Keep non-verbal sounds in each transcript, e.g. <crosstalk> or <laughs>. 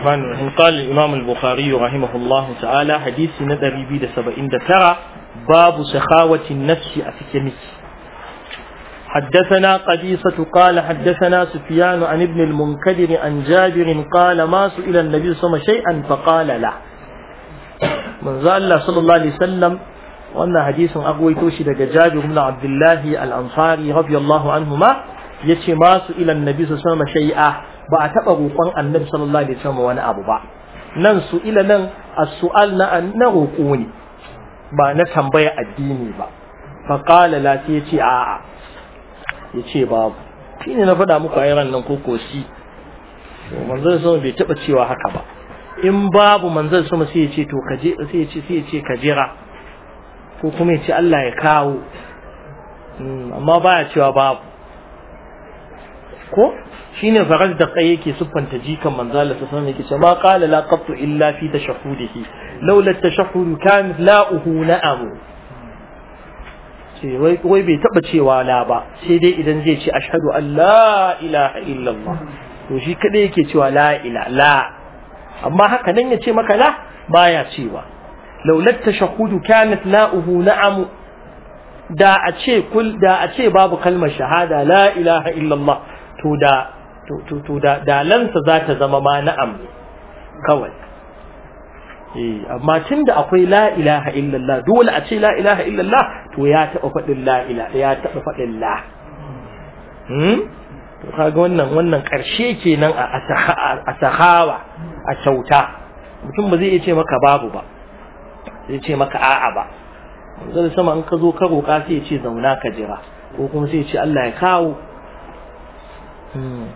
الرحمن الرحيم قال الإمام البخاري رحمه الله تعالى حديث ندري بيد سبعين ترى باب سخاوة النفس أفكمك حدثنا قديسة قال حدثنا سفيان عن ابن المنكدر عن جابر قال ما سئل النبي صلى الله عليه وسلم شيئا فقال لا من زال الله صلى الله عليه وسلم وأن حديث أقوي توشي جابر بن عبد الله الأنصاري رضي الله عنهما يتي ما سئل النبي صلى الله عليه وسلم شيئا ba a taɓa roƙon annabi sallallahu alaihi wasallam wani abu ba nan su ila nan as-su'al na na roƙo ne ba na tambaya addini ba fa qala la sai yace a yace babu shine na faɗa muku ayran nan ko shi manzon sun bai taɓa cewa haka ba in babu manzon sun sai yace to kaje sai yace sai yace kajira ko kuma yace Allah ya kawo hmm, amma baya cewa babu ko shine faras da kai yake siffanta jikan manzo Allah sallallahu alaihi wasallam yake cewa ma la qattu illa fi tashahhudihi laula tashahhud kan la'uhu na'am ce wai wai bai taba cewa la ba sai dai idan zai ce ashhadu an la ilaha illallah to shi kadai yake cewa la ila la amma haka nan ya ce maka la baya cewa laula tashahhud kanat la'uhu na'am da a ce kul da a ce babu kalmar shahada la ilaha illallah to da to da dalansa za ta zama ma na'am kawai eh amma tunda akwai la ilaha illallah dole a ce la ilaha illallah to ya taba fadin la ilaha ya taba fadin la hmm to kaga wannan wannan karshe kenan a a sahawa a kyauta mutum ba zai iya ce maka babu ba zai ce maka a'a ba zai sama an ka zo ka roƙa sai ya ce zauna ka jira ko kuma sai ya ce Allah ya kawo hmm.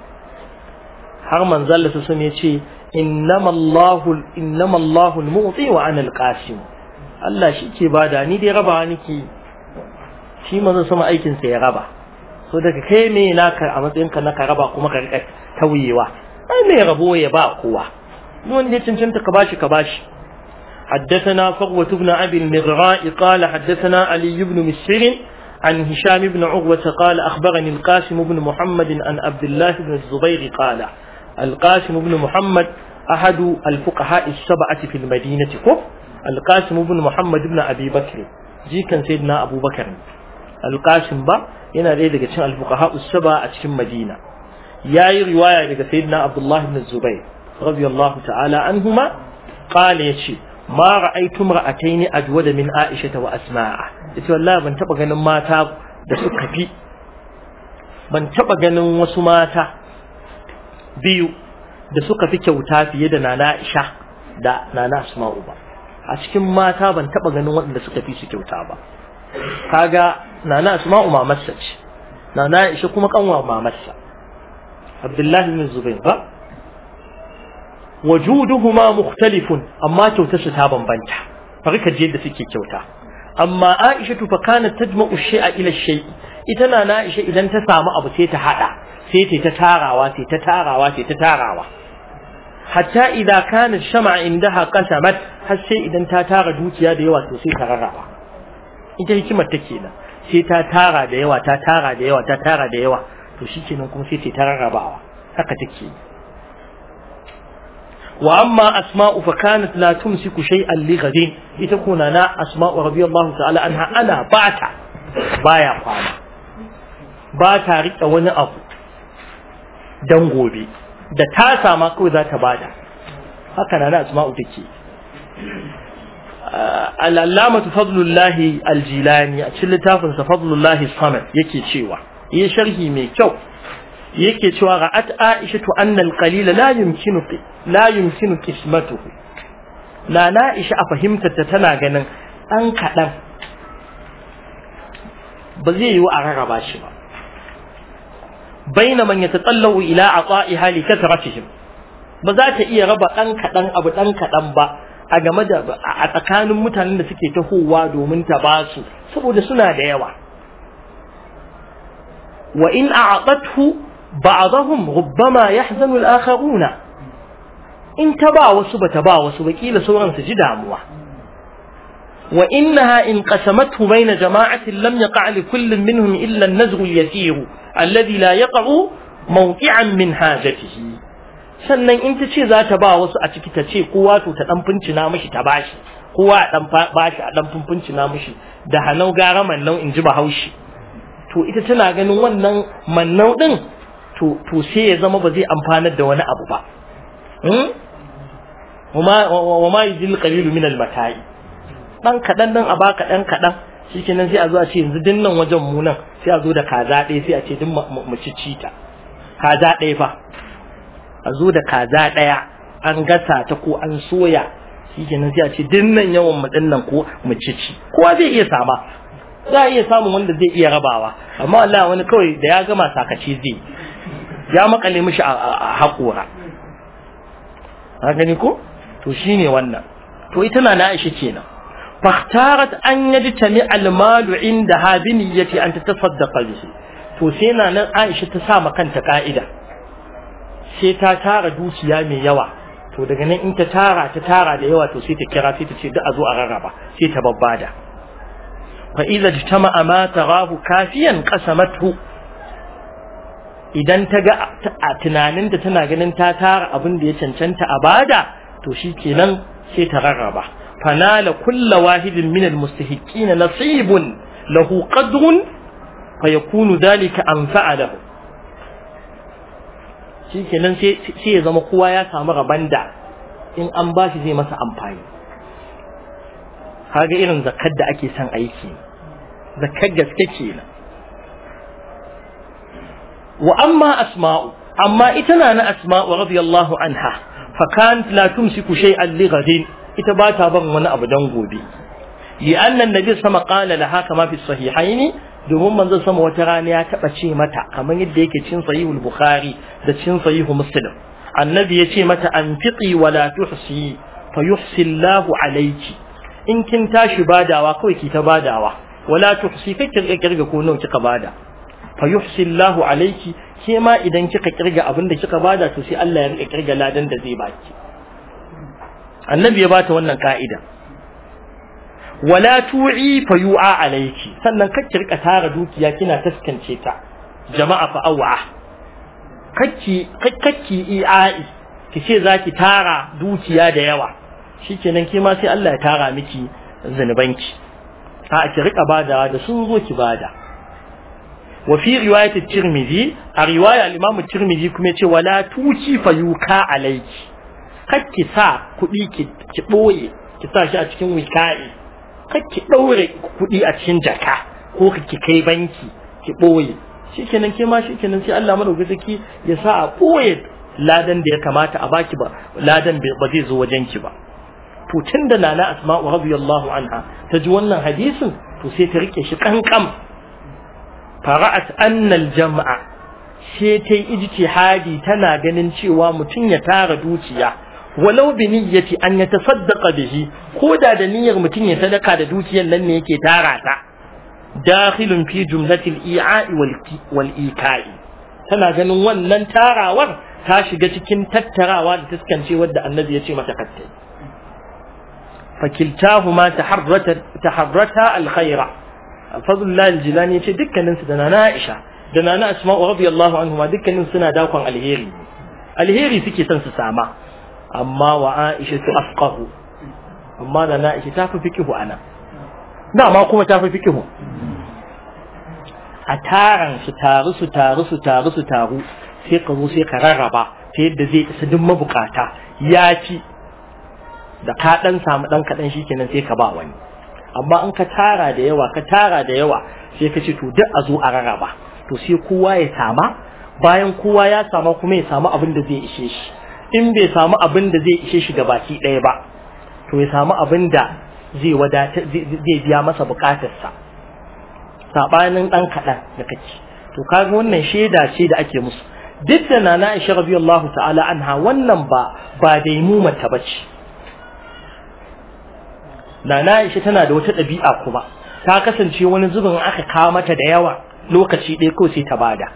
har manzon Allah sun ya ce innamallahu innamallahu wa ana al Allah shi ke bada ni dai raba niki shi manzon sama aikin ya raba so daga kai me naka a matsayin ka naka raba kuma ka rika tauyewa ai me rabo ya ba kowa wanda ya cancanta ka bashi ka bashi حدثنا فقوة بن أبي المغراء قال حدثنا علي بن مسير عن هشام بن عروة قال أخبرني القاسم بن محمد عن عبد الله بن الزبير قال القاسم بن محمد أحد الفقهاء السبعة في المدينة كف القاسم بن محمد بن أبي بكر جي كان سيدنا أبو بكر القاسم با yana ɗaya daga cikin alfuqaha usaba a cikin Madina yayi riwaya daga sayyidina Abdullah ibn Zubayr radiyallahu ta'ala anhuma qala yace ma ra'aytu ra'ataini ajwada min Aisha wa Asma'a yace wallahi ban taba ganin mata da suka fi ban taba ganin wasu mata biyu da suka fi kyauta fiye da nana Aisha da nana Asma'u ba a cikin mata ban taba ganin waɗanda suka fi su kyauta ba kaga nana Asma'u mamarsa ce nana Aisha kuma kanwa mamarsa Abdullahi bin Zubair ba wajuduhu wajuduhuma mukhtalifun amma kyautar su ta bambanta ka je da suke kyauta amma Aisha fa kanat tajma'u shay'a ila shay ita na Aisha idan ta samu abu sai ta hada sai ta tarawa sai ta tarawa sai ta tarawa hatta idan kana shama indaha qasamat har sai idan ta tara dukiya da yawa sosai sai ta rarraba ita hikimar ta kenan sai ta tara da yawa ta tara da yawa ta tara da yawa to shikenan kuma sai ta rarrabawa haka take wa amma asma'u fa kanat la tumsiku shay'an li ghadin ita kuna na asma'u radiyallahu ta'ala anha ana bata baya kwana ba ta rika wani abu dan gobe da ta sama kawai za ta bada haka na asma'u take ah, al'allamatu fadlullahi aljilani a cikin littafin sa fadlullahi samad yake cewa yi sharhi mai kyau yake cewa ra'at aisha tu annal qalila la yumkinu la yumkinu kismatuhu na na aisha a fahimtar ta tana ganin an kadan ba zai yi wa a rarraba shi ba baina man yatatallu ila ata'iha li katratihim ba za ta iya raba dan kadan abu dan kadan ba a game da a tsakanin mutanen da suke tahowa domin ta ba su saboda suna da yawa wa in a'atathu ba'dahum rubbama yahzanu al-akharuna in ta ba wasu ba ta ba wasu ba kila sauran su ji damuwa وإنها إن قسمته بين جماعة لم يقع لكل منهم إلا النزغ اليسير الذي لا يقع موقعا من حاجته sannan in ta ce za ta ba wasu a ciki ta ce kowa to ta dan fincina mishi ta bashi kowa a dan bashi a dan fincina mishi da hanau gara mannau in ji bahaushe to ita tana ganin wannan mannau din to to sai ya zama ba zai amfanar da wani abu ba hmm? wa ma yajil qalilu min al-mata'i ɗan kaɗan nan a baka ɗan kaɗan shi kenan sai a zo a ce yanzu din nan wajen mu nan sai a zo da kaza ɗaya sai a ce din mu ci ta. kaza ɗaya fa a zo da kaza ɗaya an gasa ta ko an soya shi kenan sai a ce din nan yawan mu din nan ko mu ci ci kowa zai iya sama za a iya samun wanda zai iya rabawa amma Allah wani kawai da ya gama sakaci zai ya makale mishi a haƙora an gani ko to shine wannan to ita na na Aisha kenan fahtarat an yajtami almalu inda Habini ya ce an tatasaddaqa bihi to sai na nan Aisha ta sa kanta ka'ida sai ta tara dukiya mai yawa to daga nan in ta tara ta tara da yawa to sai ta kira sai ta ce da a zo a rarraba sai ta babbada fa idza jtama'a ma tarahu kafiyan qasamathu idan ta ga a tunaninta tana ganin ta tara abin da ya cancanta a bada to shi kenan sai ta rarraba fanala kulla wahidin min almustahiqin nasibun lahu qadrun fayakunu dhalika anfa'a lahu shikenan nan sai ya zama kowa ya samu rabanda da in an bashi zai masa amfani kaga irin zakar da ake son aiki Zakar gaske kenan wa amma asma'u amma ita na na asma'u radiyallahu anha fa kanat la tumsiku shay'an li ghadin ita ba ta ban wani abu dan gobe yi annan nabi sama da haka mafi fi ne domin manzon sama wata rana ya taba ce mata kamar yadda yake cin sahihul bukhari da cin sahihu muslim annabi ya ce mata anfiqi wala tuhsi fayuhsi Allahu alayki in kin tashi badawa kawai ki ta badawa wala tuhsi kai kirga kirga ko nawa kika bada fayuhsi Allahu alayki ke ma idan kika kirga abin da kika bada to sai Allah ya rika kirga ladan da zai baki annabi ya bata wannan ka'ida wala tu'i fa yu'a alayki sannan kakki rika tara dukiya kina taskance ta jama'a fa aw'a kakki kakki i'a'i kice zaki tara dukiya da yawa shikenan ke kima sai Allah ya tara miki zanubanki a ki rika bada da sun zo ki bada wa fi riwayat at-tirmidhi a riwaya al-imam at-tirmidhi kuma ce wala tuki fa yuka alayki kakki sa kuɗi ki ɓoye ki sa shi a cikin wika'i kakki ɗaure kuɗi a cikin jaka ko ki kai banki ki ɓoye shikenan ke ma shikenan sai Allah saki ya sa a ɓoye ladan da ya kamata a baki ba ladan ba zai zo wajen ki ba to tunda nana asma'u radiyallahu anha ta ji wannan hadisin to sai ta rike shi kankam fara'at annal jama'a sai ta yi ijtihadi tana ganin cewa mutum ya tara dukiya walau bi niyyati an yatasaddaqa bihi ko da da niyyar mutum ya sadaka da dukiyar nan ne yake tara ta dakhilun fi jumlatil i'a'i wal ika'i tana ganin wannan tarawar ta shiga cikin tattarawa da taskance wadda annabi ya ce mata kattai ma taharrata taharrata alkhaira fadlullah jilani yace dukkanin su da nana Aisha da nana Asma'u radiyallahu anhuma dukkanin suna dakon alheri alheri suke son su sama amma wa Aisha su afqahu amma da na Aisha ta fi fikihu ana na ma kuma ta fi fikihu a taran su taru su taru su taru su taru sai ka zo sai ka rarraba ta yadda zai isa duk mabukata ya ci da ka dan samu dan kadan kenan sai ka ba wani amma in ka tara da yawa ka tara da yawa sai ka ci to duk a zo a rarraba to sai kowa ya sama bayan kowa ya sama kuma ya samu abin da zai ishe shi in bai samu abin da zai ishe shi baki ɗaya ba to ya samu abin da zai zai biya masa bukatarsa sabanin dan kaɗan da kake to kaga wannan shaida ce da ake musu duk da nana Aisha radiyallahu ta'ala anha wannan ba ba dai mu mata bace nana Aisha tana da wata ɗabi'a kuma ta kasance wani zubin aka kawo mata da yawa lokaci ɗaya ko sai ta bada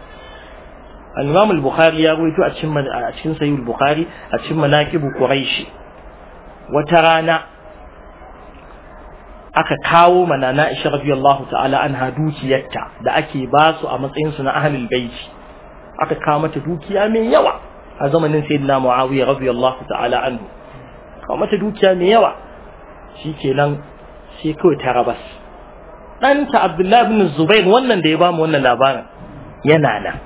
al-Imam al-Bukhari ya rawaito a cikin a cikin Sahih al-Bukhari a cikin Manaqib Quraish wata rana aka kawo manana Aisha radiyallahu ta'ala anha dukiyarta da ake ba su a matsayin su na ahlul baiti aka kawo mata dukiya mai yawa a zamanin sayyidina Muawiya radiyallahu ta'ala anhu kawo mata dukiya mai yawa shikenan sai kawai ta rabas ɗanta Abdullahi ibn Zubair wannan da ya ba mu wannan labarin yana nan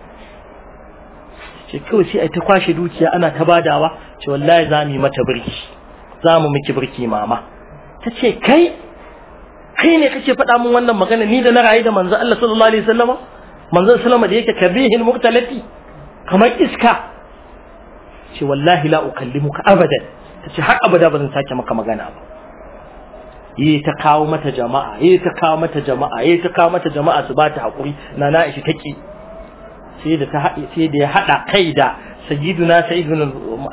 ce kawai sai a ta kwashe dukiya ana ta badawa ce wallahi za mu yi mata birki za mu miki birki mama ta ce kai kai ne kake faɗa min wannan magana ni da na rayu da manzo Allah sallallahu alaihi wasallam manzo sallama da yake kabihin muktalati kamar iska ce wallahi la ukallimuka abadan ta ce har abada ba zan sake maka magana ba yi ta kawo mata jama'a yi ta kawo mata jama'a yi ta kawo mata jama'a su ba ta hakuri. na na take sai da ta sai da ya hada kai da sayyiduna sa'idun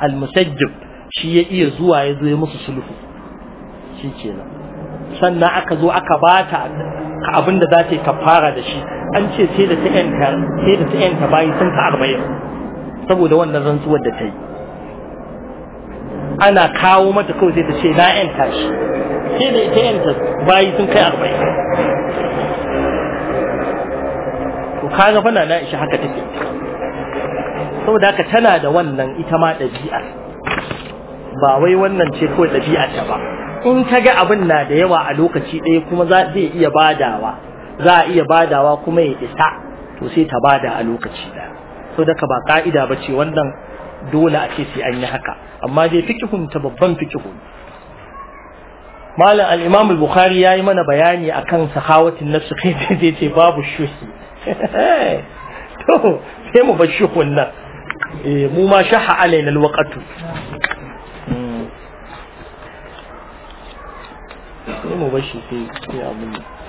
al-musajjib shi ya iya zuwa ya zo ya musu sulhu shikenan sannan aka zo aka bata ka abin da za ta yi kafara da shi an ce sai da ta yanta sai da ta yanta bayi sun ka arba'in saboda wannan rantsuwar da ta yi ana kawo mata kawai sai ta ce na yanta shi sai da ta yanta bayi sun kai arba'in kaga fa na isha haka take saboda haka tana da wannan ita ma ɗabi'a ba wai wannan ce kawai ɗabi'a ta ba in ka ga abin na da yawa a lokaci ɗaya kuma zai iya badawa za a iya badawa kuma ya isa to sai ta bada a lokaci ɗaya saboda ka ba ka'ida ba ce wannan dole a ce sai an yi haka amma dai fikihun ta babban fikihun malam al-imam al-bukhari yayi mana bayani akan sahawatin nafsi kai <laughs> dai ce babu shuhi to sai mu bar shukun nan eh, mu ma shaha alaina alwaqatu hmm. sai mu bar shi sai abin